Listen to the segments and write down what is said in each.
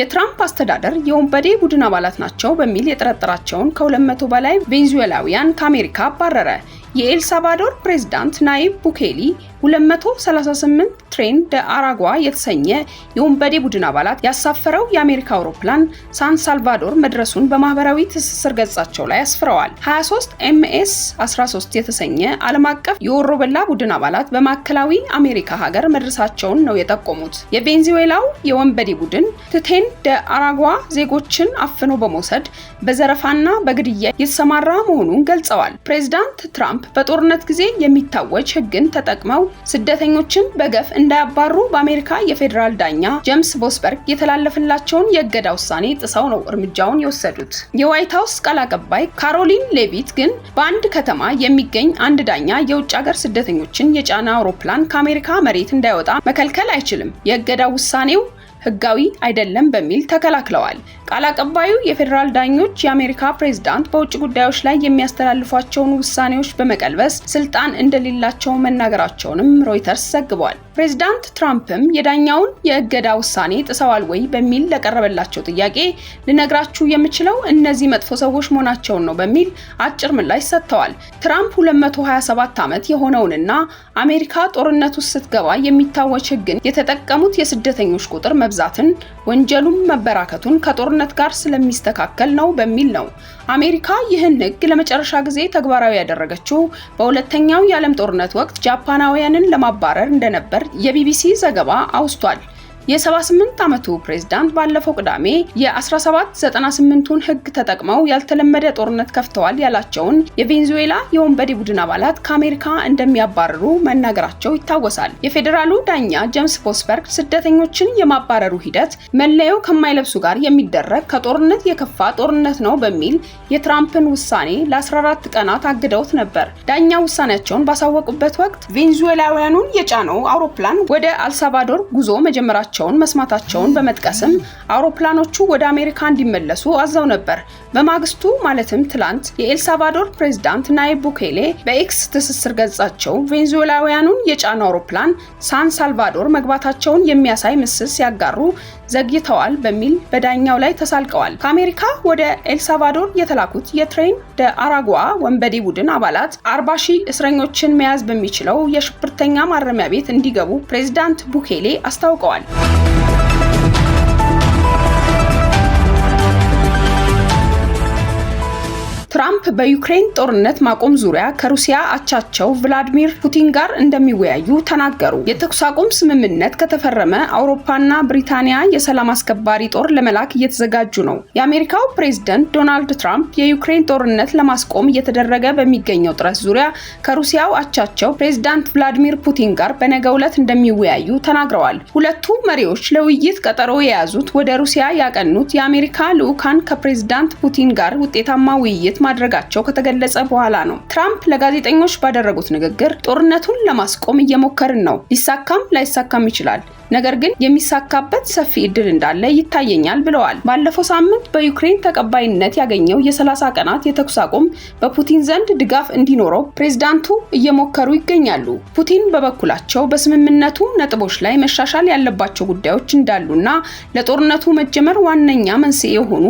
የትራምፕ አስተዳደር የወንበዴ ቡድን አባላት ናቸው በሚል የጠረጠራቸውን ከ200 በላይ ቬንዙዌላውያን ከአሜሪካ ባረረ። የኤልሳልቫዶር ፕሬዝዳንት ናይብ ቡኬሊ 238 ትሬን ደ አራጓ የተሰኘ የወንበዴ ቡድን አባላት ያሳፈረው የአሜሪካ አውሮፕላን ሳን ሳልቫዶር መድረሱን በማህበራዊ ትስስር ገጻቸው ላይ አስፍረዋል። 23 ኤምኤስ 13 የተሰኘ ዓለም አቀፍ የወሮበላ ቡድን አባላት በማዕከላዊ አሜሪካ ሀገር መድረሳቸውን ነው የጠቆሙት። የቬንዙዌላው የወንበዴ ቡድን ትቴን ደ አራጓ ዜጎችን አፍኖ በመውሰድ በዘረፋና በግድያ የተሰማራ መሆኑን ገልጸዋል። ፕሬዝዳንት ትራምፕ ትራምፕ በጦርነት ጊዜ የሚታወጅ ሕግን ተጠቅመው ስደተኞችን በገፍ እንዳያባሩ በአሜሪካ የፌዴራል ዳኛ ጄምስ ቦስበርግ የተላለፈላቸውን የእገዳ ውሳኔ ጥሰው ነው እርምጃውን የወሰዱት። የዋይት ሀውስ ቃል አቀባይ ካሮሊን ሌቪት ግን በአንድ ከተማ የሚገኝ አንድ ዳኛ የውጭ ሀገር ስደተኞችን የጫነ አውሮፕላን ከአሜሪካ መሬት እንዳይወጣ መከልከል አይችልም። የእገዳ ውሳኔው ህጋዊ አይደለም በሚል ተከላክለዋል። ቃል አቀባዩ የፌዴራል ዳኞች የአሜሪካ ፕሬዝዳንት በውጭ ጉዳዮች ላይ የሚያስተላልፏቸውን ውሳኔዎች በመቀልበስ ስልጣን እንደሌላቸው መናገራቸውንም ሮይተርስ ዘግቧል። ፕሬዝዳንት ትራምፕም የዳኛውን የእገዳ ውሳኔ ጥሰዋል ወይ በሚል ለቀረበላቸው ጥያቄ ልነግራችሁ የምችለው እነዚህ መጥፎ ሰዎች መሆናቸውን ነው በሚል አጭር ምላሽ ሰጥተዋል። ትራምፕ 227 ዓመት የሆነውንና አሜሪካ ጦርነት ውስጥ ስትገባ የሚታወች ህግን የተጠቀሙት የስደተኞች ቁጥር መ መብዛትን ወንጀሉም መበራከቱን ከጦርነት ጋር ስለሚስተካከል ነው በሚል ነው አሜሪካ ይህን ህግ ለመጨረሻ ጊዜ ተግባራዊ ያደረገችው በሁለተኛው የዓለም ጦርነት ወቅት ጃፓናውያንን ለማባረር እንደነበር የቢቢሲ ዘገባ አውስቷል። የ78 ዓመቱ ፕሬዝዳንት ባለፈው ቅዳሜ የ1798ቱን ህግ ተጠቅመው ያልተለመደ ጦርነት ከፍተዋል ያላቸውን የቬንዙዌላ የወንበዴ ቡድን አባላት ከአሜሪካ እንደሚያባረሩ መናገራቸው ይታወሳል። የፌዴራሉ ዳኛ ጄምስ ፎስበርግ ስደተኞችን የማባረሩ ሂደት መለያው ከማይለብሱ ጋር የሚደረግ ከጦርነት የከፋ ጦርነት ነው በሚል የትራምፕን ውሳኔ ለ14 ቀናት አግደውት ነበር። ዳኛ ውሳኔያቸውን ባሳወቁበት ወቅት ቬንዙዌላውያኑን የጫነው አውሮፕላን ወደ አልሳልቫዶር ጉዞ መጀመራቸው መሆናቸውን መስማታቸውን በመጥቀስም አውሮፕላኖቹ ወደ አሜሪካ እንዲመለሱ አዘው ነበር። በማግስቱ ማለትም ትላንት የኤልሳልቫዶር ፕሬዝዳንት ናይብ ቡኬሌ በኤክስ ትስስር ገጻቸው ቬንዙዌላውያኑን የጫኑ አውሮፕላን ሳን ሳልቫዶር መግባታቸውን የሚያሳይ ምስል ሲያጋሩ ዘግይተዋል በሚል በዳኛው ላይ ተሳልቀዋል። ከአሜሪካ ወደ ኤልሳልቫዶር የተላኩት የትሬን ደ አራጓ ወንበዴ ቡድን አባላት 40 ሺህ እስረኞችን መያዝ በሚችለው የሽብርተኛ ማረሚያ ቤት እንዲገቡ ፕሬዝዳንት ቡኬሌ አስታውቀዋል። ትራምፕ በዩክሬን ጦርነት ማቆም ዙሪያ ከሩሲያ አቻቸው ቭላዲሚር ፑቲን ጋር እንደሚወያዩ ተናገሩ። የተኩስ አቁም ስምምነት ከተፈረመ አውሮፓና ብሪታንያ የሰላም አስከባሪ ጦር ለመላክ እየተዘጋጁ ነው። የአሜሪካው ፕሬዝደንት ዶናልድ ትራምፕ የዩክሬን ጦርነት ለማስቆም እየተደረገ በሚገኘው ጥረት ዙሪያ ከሩሲያው አቻቸው ፕሬዝዳንት ቭላዲሚር ፑቲን ጋር በነገው ዕለት እንደሚወያዩ ተናግረዋል። ሁለቱ መሪዎች ለውይይት ቀጠሮ የያዙት ወደ ሩሲያ ያቀኑት የአሜሪካ ልዑካን ከፕሬዝዳንት ፑቲን ጋር ውጤታማ ውይይት ማድረጋቸው ከተገለጸ በኋላ ነው። ትራምፕ ለጋዜጠኞች ባደረጉት ንግግር ጦርነቱን ለማስቆም እየሞከርን ነው፣ ሊሳካም ላይሳካም ይችላል ነገር ግን የሚሳካበት ሰፊ እድል እንዳለ ይታየኛል ብለዋል። ባለፈው ሳምንት በዩክሬን ተቀባይነት ያገኘው የ30 ቀናት የተኩስ አቁም በፑቲን ዘንድ ድጋፍ እንዲኖረው ፕሬዝዳንቱ እየሞከሩ ይገኛሉ። ፑቲን በበኩላቸው በስምምነቱ ነጥቦች ላይ መሻሻል ያለባቸው ጉዳዮች እንዳሉና ለጦርነቱ መጀመር ዋነኛ መንስኤ የሆኑ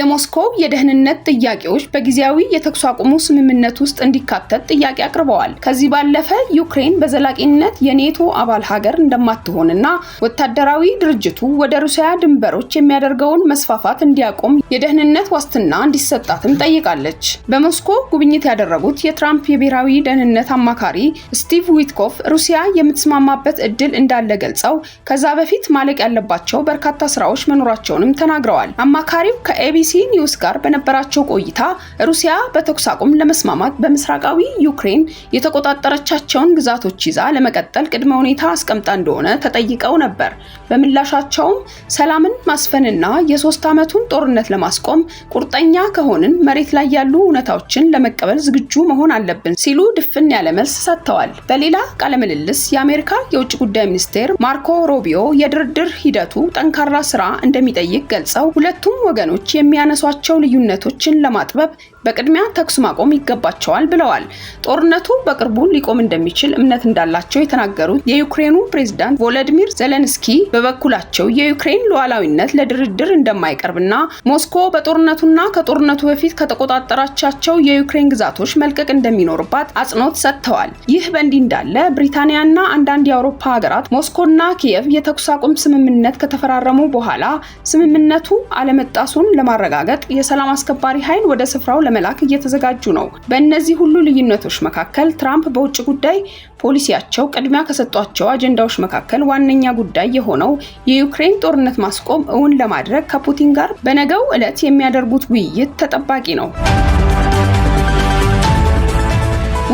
የሞስኮው የደህንነት ጥያቄዎች በጊዜ ጊዜያዊ የተኩስ አቁሙ ስምምነት ውስጥ እንዲካተት ጥያቄ አቅርበዋል። ከዚህ ባለፈ ዩክሬን በዘላቂነት የኔቶ አባል ሀገር እንደማትሆንና ወታደራዊ ድርጅቱ ወደ ሩሲያ ድንበሮች የሚያደርገውን መስፋፋት እንዲያቆም የደህንነት ዋስትና እንዲሰጣትም ጠይቃለች። በሞስኮ ጉብኝት ያደረጉት የትራምፕ የብሔራዊ ደህንነት አማካሪ ስቲቭ ዊትኮፍ ሩሲያ የምትስማማበት እድል እንዳለ ገልጸው ከዛ በፊት ማለቅ ያለባቸው በርካታ ስራዎች መኖራቸውንም ተናግረዋል። አማካሪው ከኤቢሲ ኒውስ ጋር በነበራቸው ቆይታ ሩሲያ በተኩስ አቁም ለመስማማት በምስራቃዊ ዩክሬን የተቆጣጠረቻቸውን ግዛቶች ይዛ ለመቀጠል ቅድመ ሁኔታ አስቀምጣ እንደሆነ ተጠይቀው ነበር። በምላሻቸውም ሰላምን ማስፈንና የሶስት ዓመቱን ጦርነት ለማስቆም ቁርጠኛ ከሆንን መሬት ላይ ያሉ እውነታዎችን ለመቀበል ዝግጁ መሆን አለብን ሲሉ ድፍን ያለ መልስ ሰጥተዋል። በሌላ ቃለ ምልልስ የአሜሪካ የውጭ ጉዳይ ሚኒስቴር ማርኮ ሮቢዮ የድርድር ሂደቱ ጠንካራ ስራ እንደሚጠይቅ ገልጸው ሁለቱም ወገኖች የሚያነሷቸው ልዩነቶችን ለማጥበብ በቅድሚያ ተኩስ ማቆም ይገባቸዋል ብለዋል። ጦርነቱ በቅርቡ ሊቆም እንደሚችል እምነት እንዳላቸው የተናገሩት የዩክሬኑ ፕሬዝዳንት ቮለዲሚር ዘለንስኪ በበኩላቸው የዩክሬን ሉዓላዊነት ለድርድር እንደማይቀርብና ሞስኮ በጦርነቱና ከጦርነቱ በፊት ከተቆጣጠራቻቸው የዩክሬን ግዛቶች መልቀቅ እንደሚኖርባት አጽንኦት ሰጥተዋል። ይህ በእንዲህ እንዳለ ብሪታንያና አንዳንድ የአውሮፓ ሀገራት ሞስኮና ኪየቭ የተኩስ አቁም ስምምነት ከተፈራረሙ በኋላ ስምምነቱ አለመጣሱን ለማረጋገጥ የሰላም አስከባሪ ኃይል ወደ ስፍራው ለመላክ እየተዘጋጁ ነው። በእነዚህ ሁሉ ልዩነቶች መካከል ትራምፕ በውጭ ጉዳይ ፖሊሲያቸው ቅድሚያ ከሰጧቸው አጀንዳዎች መካከል ዋነኛ ጉዳይ የሆነው የዩክሬን ጦርነት ማስቆም እውን ለማድረግ ከፑቲን ጋር በነገው ዕለት የሚያደርጉት ውይይት ተጠባቂ ነው።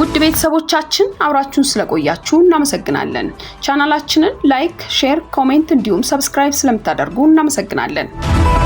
ውድ ቤተሰቦቻችን አብራችሁን ስለቆያችሁ እናመሰግናለን። ቻናላችንን ላይክ፣ ሼር፣ ኮሜንት እንዲሁም ሰብስክራይብ ስለምታደርጉ እናመሰግናለን።